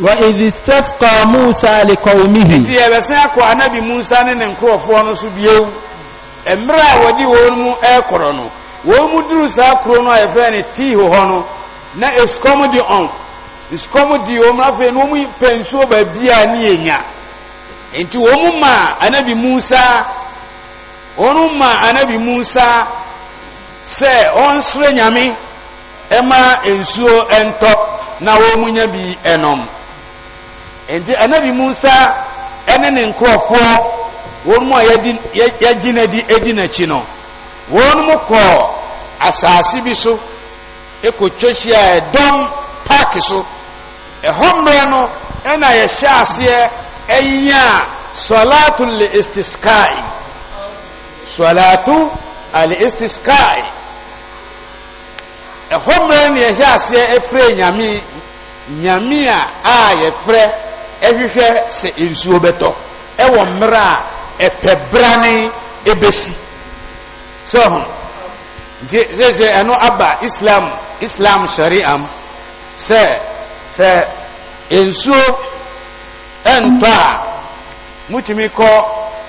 wa idhi stasqa musa liqaumihi ti ɛbɛsɛ akɔ anabi musa ne ne nkurɔfoɔ no so bio mmerɛ a wɔde wɔn mu ɛrekɔrɔ no wɔn mu duru saa kuro no a yɛfrɛ ne tiiho hɔ no na esukɔm de ɔn esukɔm de wɔn mu afei na wɔn pɛ nsuo baabi a ne yɛ nya nti wɔn mu ma anabi musa wɔn mu ma anabi musa sɛ ɔnsere nyame ɛma nsuo ɛntɔ na wɔn mu nya bi ɛnom nti anabi musa ɛne ne nkurɔfoɔ wɔn mu a yɛgye n'adi edi n'akyi no wɔn mu kɔɔ asaase bi so ekotwa hyia ɛdɔm paaki so ɛhɔ mmerɛ no ɛna yɛhyɛ aseɛ ɛnya sɔlaatu le estiskai sɔlaatu ale estiskai ɛhɔ mmerɛ no yɛhyɛ aseɛ efirɛ nyame nyame a a yɛfrɛ. ɛhwehwɛ sɛ nsuo bɛtɔ ɛwɔ mmerɛ a ɛpɛ brane ɛbɛsi sɛ ho nti sɛsɛ ɛno aba islam islam sharia m sɛ sɛ nsuo ɛntɔ a mutumi kɔ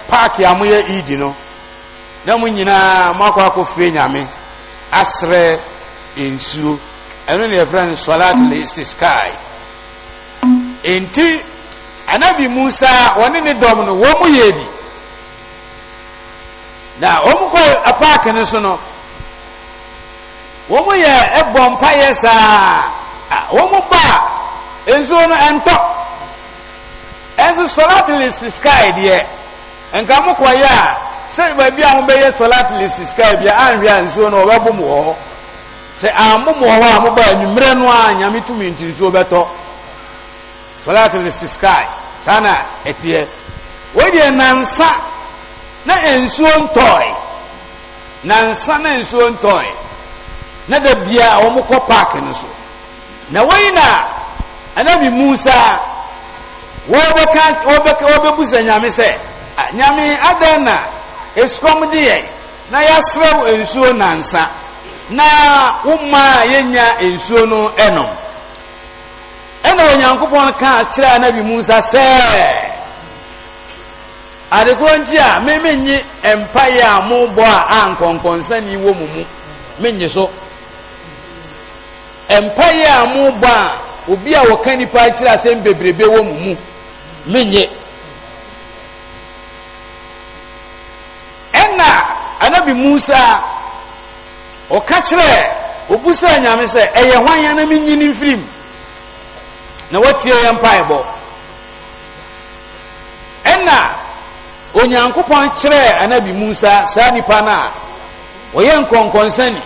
paaki a moyɛ idi no na mo nyinaa moakɔ akɔfie nyame asrɛ nsuo ɛno ne yɛfrɛ no solat listiskai anabi musa wɔne ne dɔm no wɔn mu yɛ bi na wɔn kɔ apaaki no so no wɔn mu yɛ ɛbɔ mpaeɛ saa wɔn mu ba nsuo no ɛntɔ ɛnso solatilist sky deɛ nka mo kɔ yɛ a sɛ baabi a mo bɛyɛ solatilist sky bi a anhwɛ a nsuo no wɔbɛbom wɔ hɔ sɛ ammom wɔ hɔ a mobaa anwummerɛ no a nyame tumi nti nsuo bɛtɔ solatilist sky saa na ɛteɛ wɔn nansa na nsuo ntɔe nansa na nsuo ntɔe na da bia a wɔn kɔ park no so na wɔn na anabi musa wɔbɛka wɔbɛka wɔbɛbusa nyame sɛ nyame adan na esukɔm de yɛ na yɛasrɛw nsuo nansa na wɔn mmaa nya nsuo no ɛnom. ɛna onyankopɔn kaa kyerɛ anabi musa sɛ adekorɔ nkyi a memenye mpaeɛ a mobɔ a a nkɔnkɔnsane wɔ mu mu menye so mpaeɛ a mobɔ a obi a wɔka nnipa kyerɛ asɛm bebrebe wɔ mu mu menye ɛna anabi musa ɔka kyerɛ obusaa nyame sɛ ɛyɛ hwan ana menyini mfirim na watie ya mpaebɔ ɛnna onyankopɔn kyerɛɛ anabi musa saa nipa no a wɔyɛ nkɔnkɔnsani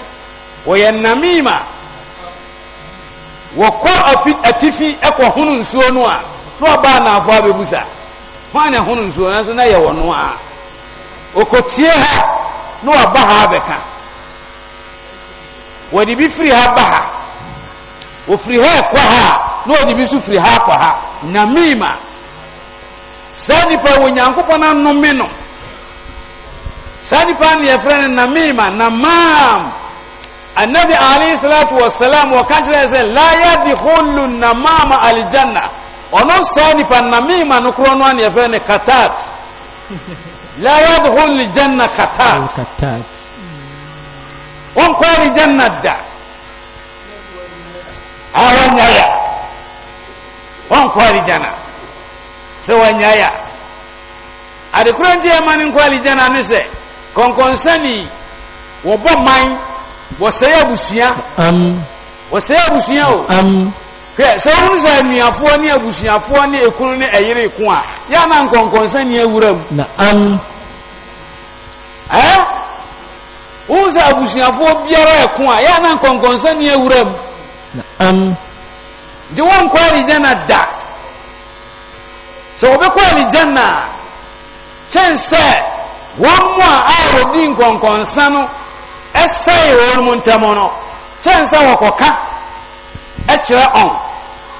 wɔyɛ namima wɔkɔ atifi ɛkɔ hono nsuo no a na ɔbaa naafoɔ abɛbusa hwan na ɛhono nsuo no nso na yɛ wɔ no a ɔkɔtie ha na wɔba ha abɛka wɔde bi firi ha ba ha wɔfiri ha ɛkɔ ha a na ɔde bi so firi ha kɔ ha namima saa nipa wɔ nyankopɔn anome no saa nipa ne yɛfrɛ no na namam anabi alayhi salatu wasalam wɔka kyerɛ sɛ la yadkhulu namama aljanna ɔno saa nipa namima no korɔ no a ne yɛfrɛ no katat la yadkhulu aljanna katat wɔnkɔ aljanna da awanyaya wọn kọ alijana sɛ wanya ya adekora nti ɛma ne nkɔ alijana ne sɛ kɔnkɔnsani wɔbɔ man wɔsɛe abusua wɔsɛe abusua o hwɛ sɛ wɔn sɛ anuafoɔ ne abusuafoɔ ne ekunu ne ɛyere ko a yɛana nkɔnkɔnsani awura mu ɛɛ eh? wɔn sɛ abusuafoɔ biara ɛko a yɛana nkɔnkɔnsani awura mu. gye wɔnkɔ aligyana da sɛ wɔbɛkɔ aligyana a kyɛn sɛ wɔn mu a a wɔdi nkɔnkɔnsa no ɛsɛe wɔn mu ntɛm no kyɛn sɛ wɔkɔka ɛkyerɛ ɔn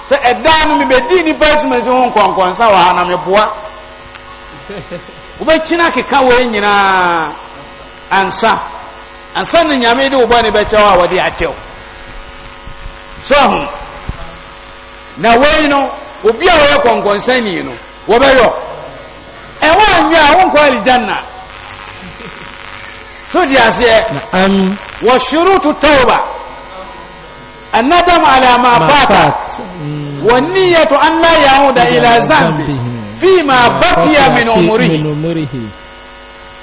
sɛ ɛdaa no mebɛdi nipa asumansi ho nkɔnkɔnsa wɔ ha na meboa wobɛkyina keka wɔn nyinaa ansa ansa ni nyame de wo bɔ ne bɛkyɛw a wɔde akyɛw sɛ ɔhom na wei no obi a wɔyɛ kɔnkɔnsɛni no wɔbɛyɔ ɛwɔ anwia a wɔnkɔ alijanna so di aseɛ wɔ shurutu tawba anadam ala ma fata wa niyyatu an la yauda ila zambi fi ma baqiya min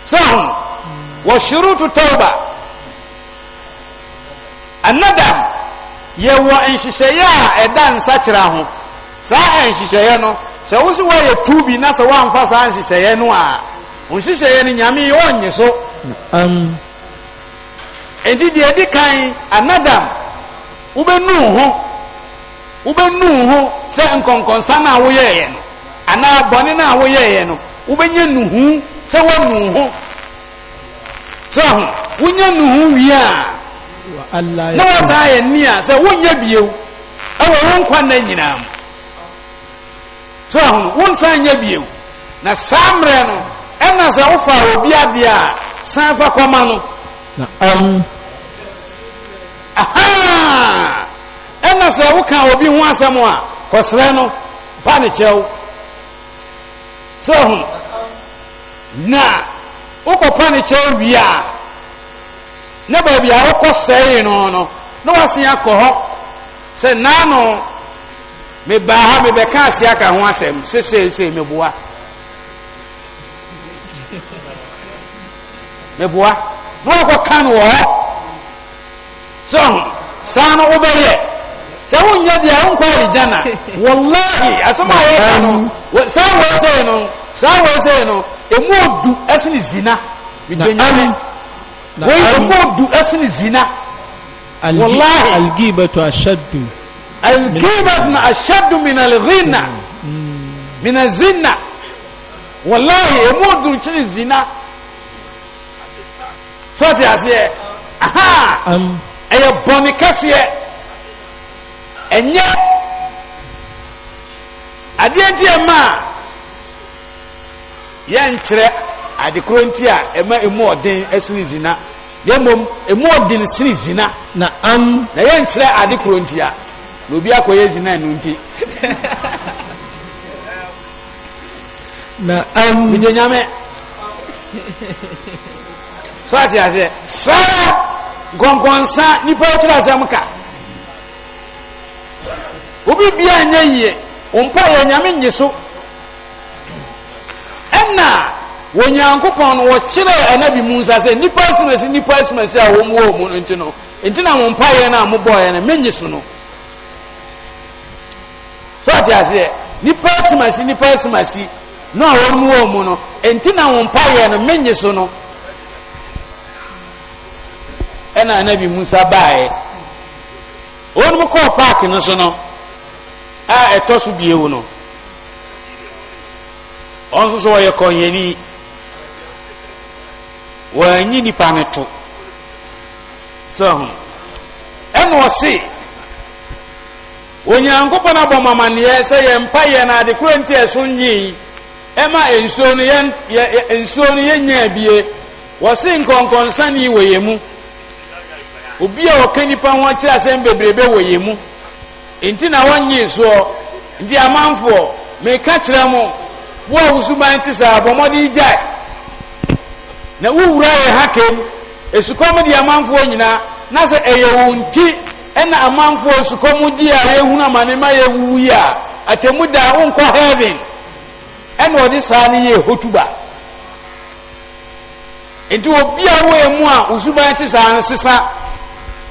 sahun wa shurutu tawba anadam yɛwɔ nhyehyɛeɛ a ɛda kyerɛ ho saa nhyehyɛeɛ no sɛ wo so woayɛ tu bi na sɛ woamfa saa nhyehyɛeɛ no a nhyehyɛeɛ no nyame yɛ ɔnnye so enti deɛ ɛdi kan anadam wobɛnu ho wobɛnu ho sɛ nkɔnkɔnsa no a woyɛeɛ no anaa bɔne no a woyɛeɛ no wobɛnya nuhu sɛ woanu ho sɛ ho wonya nuhu wie a na wɔsaa yɛ nni a sɛ wonyɛ bio ɛwɔ wo nkwa nna nyinaa mu so ahono wonsan nyɛ bio na saa mmerɛ no ɛna sɛ wofa obi adeɛ a san fa kɔma no um. aha ɛna sɛ woka obi ho asɛm a kɔsrɛ no pa ne kyɛw so ahono na wokɔpa ne kyɛw wie ne baabi a wokɔ sɛe no no na woase akɔ hɔ sɛ naa no mebaa ha mebɛka ase aka ho asɛm seseesei meboa meboa na woakɔka no wɔ hɔ so saa no wobɛyɛ sɛ wonyɛ deɛ wonkɔ aligya na wallahi asɛm a wɔka no saa wɔ sɛe no saa wɔ sɛe no ɛmu odu ɛsene zina medbɛnya wọ́n yóò mọ̀ du ẹ̀sìn zina wàláhì. algibatu ashaddu. algibatu ashaddu minal ghina mm. Mm. minal zina wàláhì èmú du kyerè zina sọ́ọ̀tì aseɛ ɛyɛ bɔnni kɛseɛ ɛnyɛ adeɛ nti ɛma a yɛnkyerɛ adekoro nti a ɛma emu ɔden ɛsini zina. na mmom emu ɔden sini zina na an na yɛn kyerɛ ade koro nti a na obi akɔyɛ zina nu nti na am mede nyame so ate aseɛ saa nkɔnkɔnsa nipa wɔkyerɛ asɛm ka obi bia nye yie wɔmpa yɛ nyame nye so onyankopɔn no wɔkyerɛ anabi musa sɛ nnipa asomasi nnipa asomasi a wɔm wɔ mu no nti no nti na mo mpayɛ no a mobɔɔyɛ no menye so no so ate aseɛ nnipa asomasi nnipa asomasi no a wɔm wɔ mu no nti na mo mpayɛ no menye so no ɛna anabi musa baeɛ wɔnom kɔɔ paake no so no a ɛtɔ so bio no ɔnso so wɔyɛ kɔnyɛni wɔanyi nipa ne to sɛ ho ɛna ɔse onyankopɔn abɔ mo amanneɛ sɛ yɛmpa yɛ no ade korɔ nti ɛso nyii ɛma nsuo no yɛ nsuo no yɛnyaa bie wɔse nkɔnkɔnsane yi wɔ yɛ mu obi a ɔka nipa ho akyerɛ asɛm bebrebe wɔ yɛ mu nti na wɔnye soɔ nti amanfoɔ meka kyerɛ mo wo a wusuban te saa bɔ mmɔde gyae na wowura yɛ ha kam esukɔm de amanfoɔ nyinaa na sɛ ɛyɛ wo nti ɛna amanfoɔ esukɔm di a yɛhunu amane ma yɛwu yi a atɛmu da wonkɔ heaven ɛna ɔde saa no yɛ hotuba nti obi a woyɛ mu a osuban te saa no sesa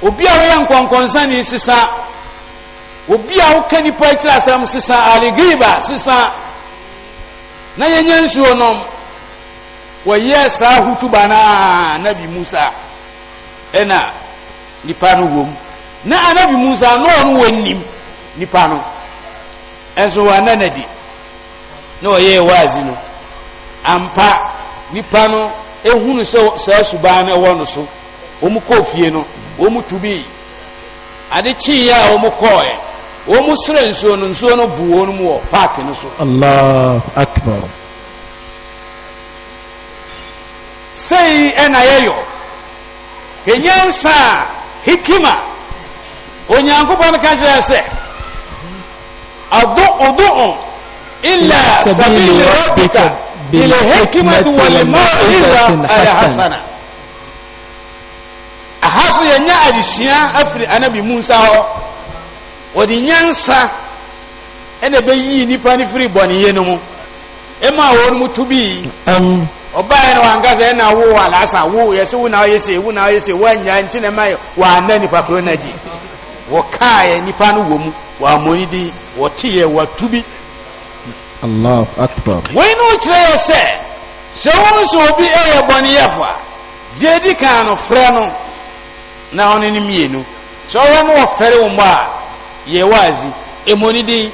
obi a woyɛ nkɔnkɔnsani sesa obi a woka nipa akyerɛ asɛm sesa alegriba sesa na yɛnyɛ nsuo nom wɔyɛ saa hutuba no a nabi musa ɛna nipa no wom na anabi musa na ɔno wɔnim nipa no ɛnso wɔana nadi na ɔyɛɛ waazi no ampa nipa no ehunu sɛ saa suban no ɛwɔ no so wɔn kɔɔ fie no wɔn tu bi ade kyiiɛ a wɔn kɔɔɛ wɔn srɛ nsuo no nsuo no bu wɔn mu wɔ paaki no so. allah akbar. sei ɛna yɛyɔ enyansa a hikima onyankopɔn ka kyerɛ sɛ ado odo'o ila sabili rabbika bilhikimati walmawizati alhasana aha so yɛnya adesua afiri anabi musa hɔ wɔde nyansa ɛna ɛbɛyii nnipa no firi bɔneyɛ no mu ɛma wɔn mu to bii ɔbaa no wankasa ɛna wo alaasa wo yɛsɛ wụ na ɔyɛ se wo na ɔyɛ se woanya nti na ma wɔanna nipa koro no agye wɔkaeɛ nipa no wɔ mu wɔammɔne di wɔteeɛ wọ bi allah akbar ala ne wokyerɛ yɛ sɛ sɛ wo nso obi ɛyɛ bɔneyɛfo a deɛ di kan no frɛ no na ɔne no mmienu sɛ ɔwɔ no wɔfɛre wo mmɔ a yɛ waazi ɛmmɔne di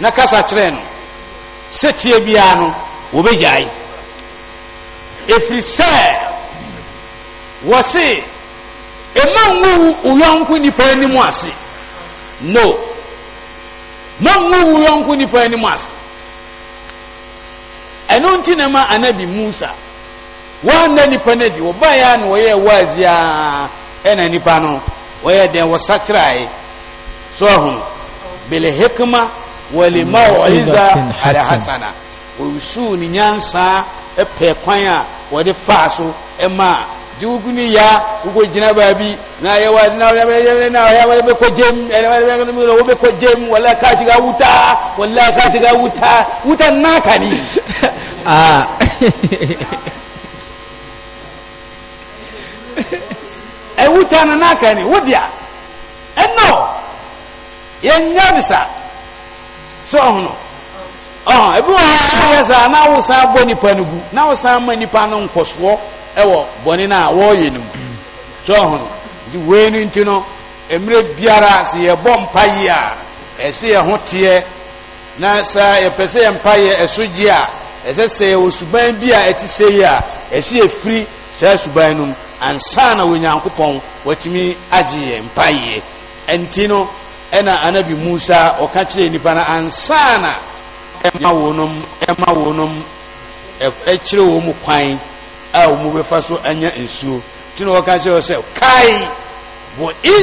na kasa kyerɛ no sɛ tie biara no ɛfiri sɛ wɔ se ɛma nwo wo nipa anim ase no ma nwo wo yɔnko nipa anim ase ɛno nti na ma anabi musa wɔanda nipa no adi wɔbaeɛ a na wɔyɛɛ waazi ɛna nipa no wɔyɛ dɛn wɔsakyerɛe so ɔho bilhikma walimaw'iza alhasana wɔwusuu ne nyansaa ɛpɛ kwan a wɔde faa so ɛma jiwugu ni ya wuko gyina baabi na yɛ wa na yɛ bɛ na yɛ wa bɛ kɔ gyem ɛna yɛ bɛ kɔ gyem bɛ kɔ gyem wala kaasi ka wuta wala kaasi ka wuta wuta na ka ni. aa ɛ wuta na naa ka ni wudiya ɛnɔ yɛ nya bisa so ebi wọ ha ayɛ saa na awosan bɔ nipa no gu na awosan ma nipa no nkɔsoɔ ɛwɔ bɔne no a wɔreyɛ no mu so ɔho no nti wei no nti no mmerɛ biara sɛ yɛbɔ mpaeɛ a ɛsɛ yɛ ho teɛ na saa yɛpɛ sɛ yɛ mpaeɛ ɛso gye a ɛsɛ sɛ yɛwɔ suban bi a ɛte sɛ yi a ɛsɛ yɛfiri saa suban no mu ansa na onyankopɔn wɔtumi agye yɛ mpa mpaeɛ ɛnti no ɛna anabi musa ɔka kyerɛɛ nipa na ansa na ɛma wɔnom ɛma wɔnom ɛkyerɛ wɔn mu kwan a wɔn bɛfa so anya nsuo tí na wɔka kyerɛ sɛ kae wɔ in